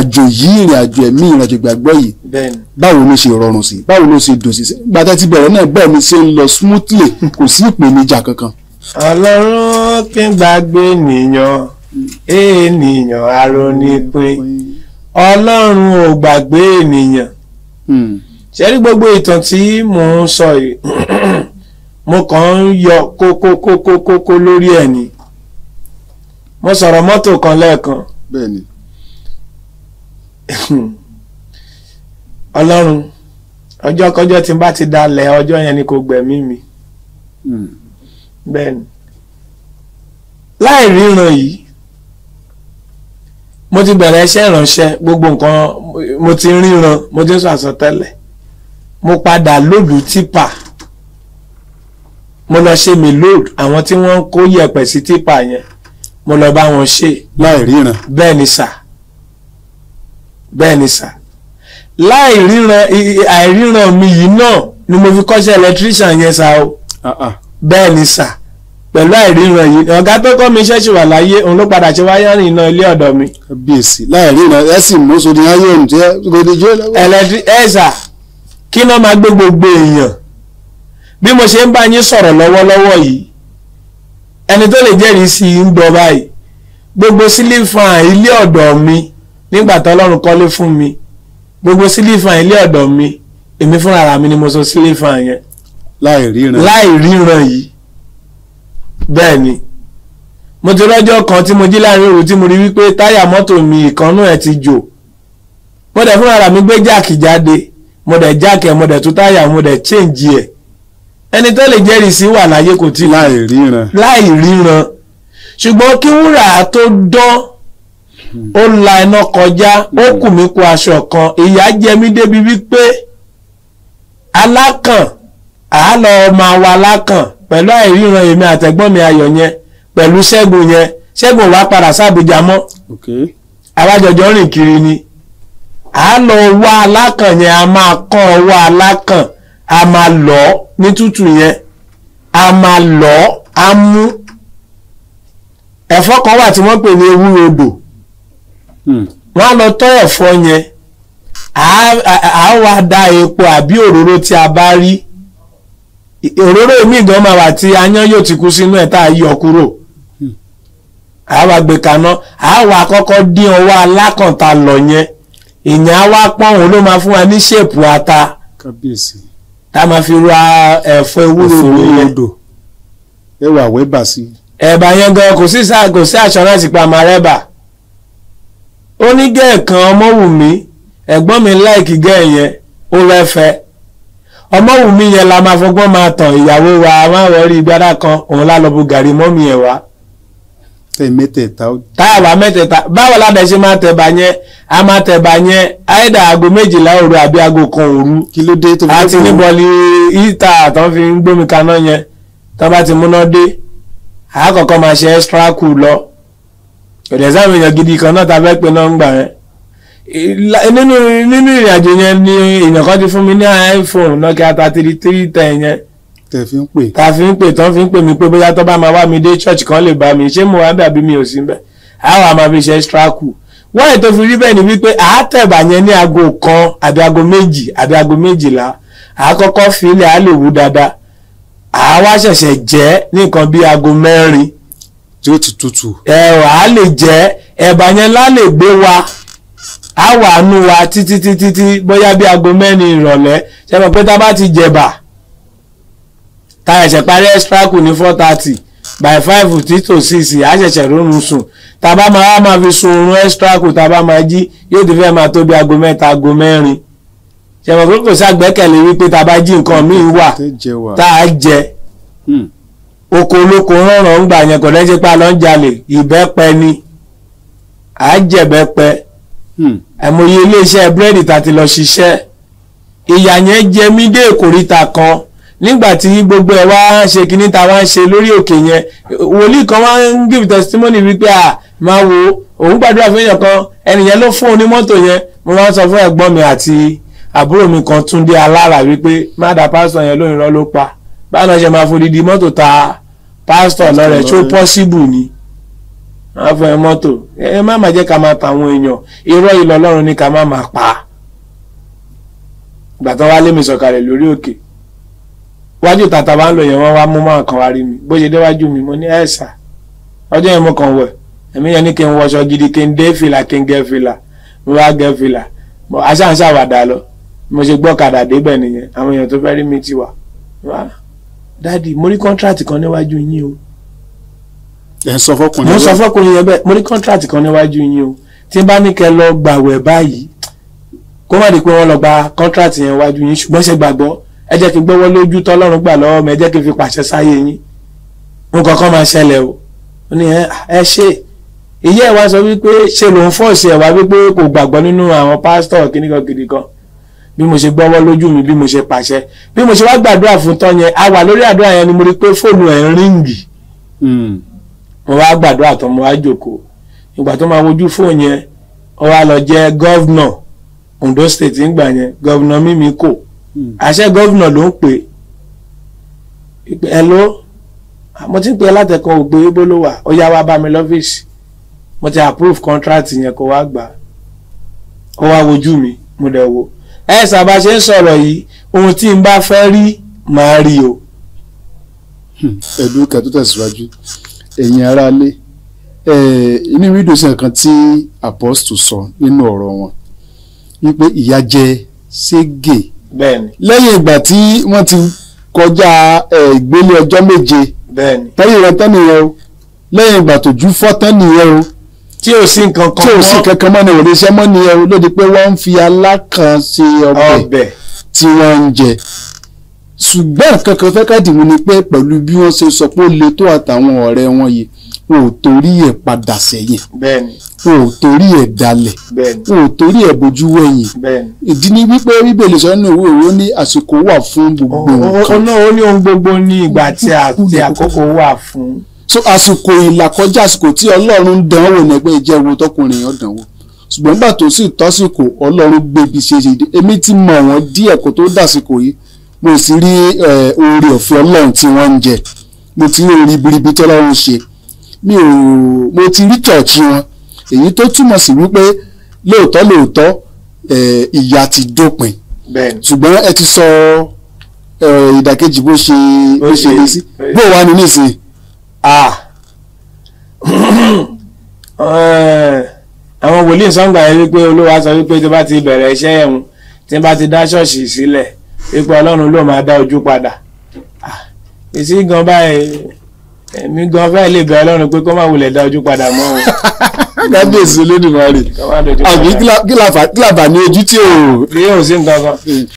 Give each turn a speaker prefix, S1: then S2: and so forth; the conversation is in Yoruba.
S1: àjò yìí ìrìn àjò ẹ̀mí ìrìn àjò ìgbàgbọ́ yìí báwo ló ṣe rọrùn sí báwo ló ṣe dùn sí gbàtà ti bẹ̀rẹ̀ náà bẹ́ẹ̀ ni ṣe ń lọ smoothly kò sí ìpèníjà kankan.
S2: ọlọ́run kí n gbàgbé ènìyàn ènìyàn arónípin ọlọ́run ò gbàgbé ènìyàn hmm. ṣẹ́rí gbogbo ìtàn tí mò ń sọ yìí mo kàn ń yọ kókókókókó lórí ẹ̀ ni mo sọ̀rọ̀ mọ́tò kan lẹ́ẹ̀kan. bẹ́ẹ̀ ni. Hmm. ọlọ́run ọjọ́ kọjọ́ tí n bá ti dalẹ̀ ọjọ́ yẹn ni kò gbẹ̀mí mi hmm. bẹ́ẹ̀ ni láì ríran yìí mo ti bẹ̀rẹ̀ iṣẹ́ ìránṣẹ́ gbogbo nǹkan mo ti ríran mo ti ń sọ àsọtẹ́lẹ̀ mo padà lóòlù tìpà mo lọ ṣe mi lóòlù àwọn tí wọ́n ń kó yẹ̀pẹ̀ sí tìpà yẹn mo lọ bá wọn ṣe. láì ríran. bẹ́ẹ̀ ni sà bẹ́ẹ̀ ni sà láì ríran àìríran mi yìí náà ni mo fi kọ́ṣẹ́ electrician yẹn sà o ah, ah. bẹ́ẹ̀ ni sà pẹ̀lú àìríran yìí ọ̀gá tó kọ́ mi iṣẹ́ ṣì wà láyé òun ló padà ṣe wáyọ́rìn iná ilé ọ̀dọ̀ mi. bíyèsí láìríran ẹ sì mú sódì ayé òun tí ẹ gbèdé jẹ́ lọ́wọ́. ẹlẹtiri ẹ sà kí náà máa gbé gbogbo èèyàn bí mo ṣe ń bá yín sọ̀rọ̀ lọ́wọ́lọ́wọ́ yìí ẹni tó lè jẹ́rìí sí i ń bọ̀ báyìí gbogbo sílífàn ilé ọ̀dọ̀ mi nígbà tó ọlọ́run kọ́lé fún mi gbogbo sílífà ilé ọ̀dọ̀ mi èmi fúnra mi ni mo sọ sílífà yẹn láì ríran yìí bẹ́ẹ̀ ni mo ti lọ́jọ́ kan tí mo jí láàrin òru tí mo rí wípé táyà mọ́tò mi ìkànnú ẹ̀ ti jò mo dẹ̀ fúnra mi gbé jáàkì jáde mo dẹ̀ jáàkì ẹ̀ mo dẹ̀ tú táyà mo dẹ̀ chéǹjì ẹ̀ ẹni tó lè jẹ́rìí sí wà láyé kò tí láì láì ríran ṣùgbọ́n kí wúrà tó dán ó la iná kọjá ó kù mí kó aṣọ kan ìyà jẹ mí débi wípé alákàn àálọ ọmọ àwa alákàn pẹ̀lú àìríran èmi àtẹ̀gbọ́n mi ayọ̀ yẹn pẹ̀lú ṣẹ́gun yẹn ṣẹ́gun wá padà sábùjá mọ́ àwájọjọ rìn kiri ni àálọ ọwọ́ alákàn yẹn a máa kán ọwọ́ alákàn a máa lọ ní tútù yẹn a máa lọ á mú ẹ̀fọ́ kan wà tí wọ́n pè ní ewúro odò Hmm. wọ́n á lọ tọ́ ẹ̀fọ́ yẹn à á wá da epo àbí òróró tí a bá rí òróró míì gan máa wà tí ayán yóò ti kú sínú ẹ̀ tá a yọ kúrò à hmm. wá gbé kaná à wá kọ́kọ́ dín ọwọ́ alákàntà lọ yẹn ìyẹn á wá pọ́n ló máa fún wa ní ṣèpù ata tá a máa fi ra ẹ̀fọ́ ewúro yẹn ẹwà wẹ́bà sí. ẹ̀bà yẹn gan kò sí àṣọ láti pa màrẹ́bà ó ní gẹ́ẹ̀ kan ọmọwùmí ẹ̀gbọ́n mi láìkì gẹ́ẹ̀ yẹn ó rẹ́fẹ́ ọmọwùmí yẹn la máa fọgbọ́n máa tàn ìyàwó wa máa wọrí gbádà kan òun lálọ́bù gàrí mọ́mí ẹ̀ wá. mẹ́tẹ̀ẹ̀ta ó. táyàwá mẹ́tẹ̀ẹ̀ta báwo ládàá ṣe máa tẹ̀ bá yẹn a máa tẹ̀ bá yẹn àìdá aago méjìlá òru àbí aago kan òru. kí ló dé tó fi gbómi. àti níbọ̀lì ìta àtọ́ fi ń gbómi kaná yẹn tó bá ti múná dé àkọ́kọ́ ọ̀dẹ̀ sáwọn èèyàn gidi kan náà ta fẹ́ pe nọ́mbà yẹn nínú nínú yẹn ni èèyàn kan ti fún mi ní iPhone Nokia thirty three ten yẹn tẹ̀ fi ń pè ta fi ń pè tán fi ń pè mí pé bóyá tó bá máa wá mi dé church kan lè bá mi ṣé mo wá bẹ́ẹ̀ àbí mi ò sí bẹ́ẹ̀ àwọn àmọ́ fi ṣe extra kù wọ́n ètò fi rí bẹ́ẹ̀ ni wípé àátẹ̀bà yẹn ní aago kan àbí aago méjì àbí aago méjìlá àákọ́kọ́ fi ilẹ̀ á dáadáa àá wá ṣẹ̀ṣẹ̀ jẹ́ ní nǹkan bíi aago mẹ́rin tí ó ti tutù. ẹ̀wà á lè jẹ́ ẹ̀bà yẹn lá lè gbé wa á wà nú wa títí títí tí bóyá bí aago mẹ́rin ìrọ̀lẹ́ ṣe mọ̀ pé tá a bá ti jẹ̀bà ta ẹ̀ṣẹ̀ parí extraco ní four thirty by five tí tò six á ṣẹ̀ṣẹ̀ rórun sùn tá a bá máa máa fi sun oorun extraco tá a bá máa jí yóò ti fẹ́ máa tó bí aago mẹ́ta aago mẹ́rin ṣe mọ̀ pé kò sí àgbẹ́kẹ̀lé wípé tá bá jí nǹkan míì wà tá a jẹ. Hmm oko olóko rọrùn ń gbà yẹn kò lẹ́sẹ̀ pa lọ́n jalè ìbẹ́pẹ ni àjẹbẹ́pẹ hmm. àìmọye iléeṣẹ́ búrẹ́dì tá a ti lọ ṣiṣẹ́ ìyà yẹn jẹ mí dé ìkórìtà kan nígbà tí gbogbo ẹ̀ wá ń ṣe kíní ta wá ń ṣe lórí òkè yẹn wòlíì kan wá ń give testimony wípé à máa wo òun gbàdúrà fún èèyàn kan ẹnìyẹn ló fún òun ní mọ́tò yẹn mo máa ń sọ fún ẹ̀gbọ́n mi àti àbúrò mi kan Túndé Alára wípé má dá pásítọ̀ yẹn lóyún rọ́ ló pa báwọn ṣe máa fòdìdí mọ́tò ta pásítọ̀ lọ́rẹ̀ ṣó pọ́síbù ni wọ́n fún ẹ mọ́tò ẹ má má jẹ́ ká máa tàwọn èèyàn irọ́ ìlọ ọlọ́run ni ká má máa pa ìgbà tó wá lé mi sọ̀kalẹ̀ lórí òkè wájú tàtà bá ń lọ yẹn wọ́n wá mú máa kàn wá rí mi bó ṣe déwájú mi mo ní ẹ̀sà ọjọ́ yẹn mo kàn wẹ̀ èmi yẹn ní kí n wọṣọ gidi kí n dé fìlà kí n gẹ fìlà mo wá gẹ fìlà mo aṣáǹṣà wàdà lọ mo ṣe gbọ́kadà débẹ̀ nìyẹn àwọn èèyàn tó fẹ́ rí mi ti wà dáàdi mo ní kọ́ńtrátì kan níwájú yín o. ẹ sọ fọkùnrin yẹn bẹ́ẹ̀ mo sọ fọkùnrin yẹn bẹ́ẹ̀ mo ní kọ́ńtrátì kan níwájú yín o tí n bá ní kẹ́ lọ gbàwẹ̀ báyìí kó má di pé wọ́n lọ gba kọ́ńtrátì yẹn wájú yín ṣùgbọ́n ṣe gbàgbọ́ ẹ jẹ́ kí n gbọ́wọ́ lójú tọ́lọ́run gbà lọ́wọ́ mi ẹ jẹ́ kí n fi pàṣẹ sáyé yín nǹkan kan máa ṣẹlẹ̀ o ó ní ẹ ṣe ìyá ẹ wá sọ wípé ṣe lòun fọ́ọ̀ṣì wá wípé kò gbàgbọ́ nínú àwọn pásítọ̀ kíníkan kìdìkan bí mo ṣe gbọ́wọ́ lójú mi bí mo ṣe pàṣẹ bí mo ṣe wá gbàdúrà fún tán yẹn a wà lórí àdúrà yẹn ni mo rí pé fóònù ẹ̀ ń ríǹgì hmm. mo wá gbàdúrà tán mo wá jókòó ìgbà tó máa wojú fóònù yẹn ó wá lọ jẹ́ gọ́vnà Ondo state ń gbà yẹn gọ́vnà mímí kò hmm. àṣẹ gọ́vnà ló ń pè é hello mo ti ń pè é látẹ̀kọ́ ògbé ibo ló wà ó yá wá bá mi lọ́fíìsì mo ti approve contract yẹn kó wá gbà ó wá wojú mi mo dẹ̀ wò ẹ sábà ṣe ń sọ̀rọ̀ yìí ohun tí n bá fẹ́ rí màá rí o. Hmm, ẹ̀dùn kẹ́tọ́ tẹ̀síwájú ẹ̀yin
S1: aráalé inú ìwé ìdòsí kan tí apostle sọ nínú ọ̀rọ̀ wọn wípé ìyà jẹ Ségè lẹ́yìn ìgbà tí wọ́n ti kọjá ìgbélé ọjọ́ méje tẹ́yìn rẹ tẹ́nìyẹn o lẹ́yìn ìgbà tó ju fọ́ tẹ́nìyẹn o tí ò sí nǹkan kan mọ́ tí ò sí nǹkan kan mọ́ ni òde iṣẹ́ mọ́ ni ẹ̀rù lóde pé wọ́n ń fi alákan ṣe ọbẹ̀ tí wọ́n ń jẹ ṣùgbọ́n kankan fẹ́ kádìmú ni pé pẹ̀lú bí wọ́n ṣe sọ pé ó le tó àtàwọn ọ̀rẹ́ wọn yìí wọn ò torí ẹ̀ padà sẹ́yìn wọn ò torí ẹ̀ dalẹ̀ wọn ò torí ẹ̀ bójú wẹ̀yìn ìdí ni wípé bíbélì sọ nínú ìwé òwò ní àsìkò wà fún gbogbo nǹkan. ó ní ohun gbogbo ní ìgbà tí àkókò wà fún so àsìkò ìlàkọjá àsìkò tí ọlọ́run ń dán wò nẹgbẹ́ ìjẹ́ wo tọkùnrin yẹn dán wò ṣùgbọ́n nígbà tó sì tọ́sìkò ọlọ́run gbèbí ṣeṣe èmi ti mọ̀ wọ́n díẹ̀ kó tó dàsìkò yìí mo sì rí oore ọ̀fẹ́ ọlọ́run tí wọ́n ń jẹ mo ti rí orin ibiribi tí ọlọ́run ṣe mi ò mo ti rí chọ̀ọ̀chì wọn èyí tó túmọ̀ sí wípé lóòótọ́ lóòótọ́ ìyà ti dópin ṣùgbọ́n ẹ ti sọ ìdàkejì bó ṣe bó ṣe rí sí bó wà ní
S2: nísìnyí. àwọn wòlíì sọ́ngbà yẹn wípé olúwa sọ wípé tó bá ti bẹ̀rẹ̀ iṣẹ́ ẹ̀hún tí bá ti dá ṣọ́ọ̀ṣì sílẹ̀ wípé ọlọ́run ló máa dá ojú padà èsì gan báyìí èmi gan fẹ́ẹ́ lè bẹ ọlọ́run pé kó má wulẹ̀ dá ojú padà mọ́ o. kábíyèsí olódùmarè àbí kílàbà ní ojú tí o. kí yóò sí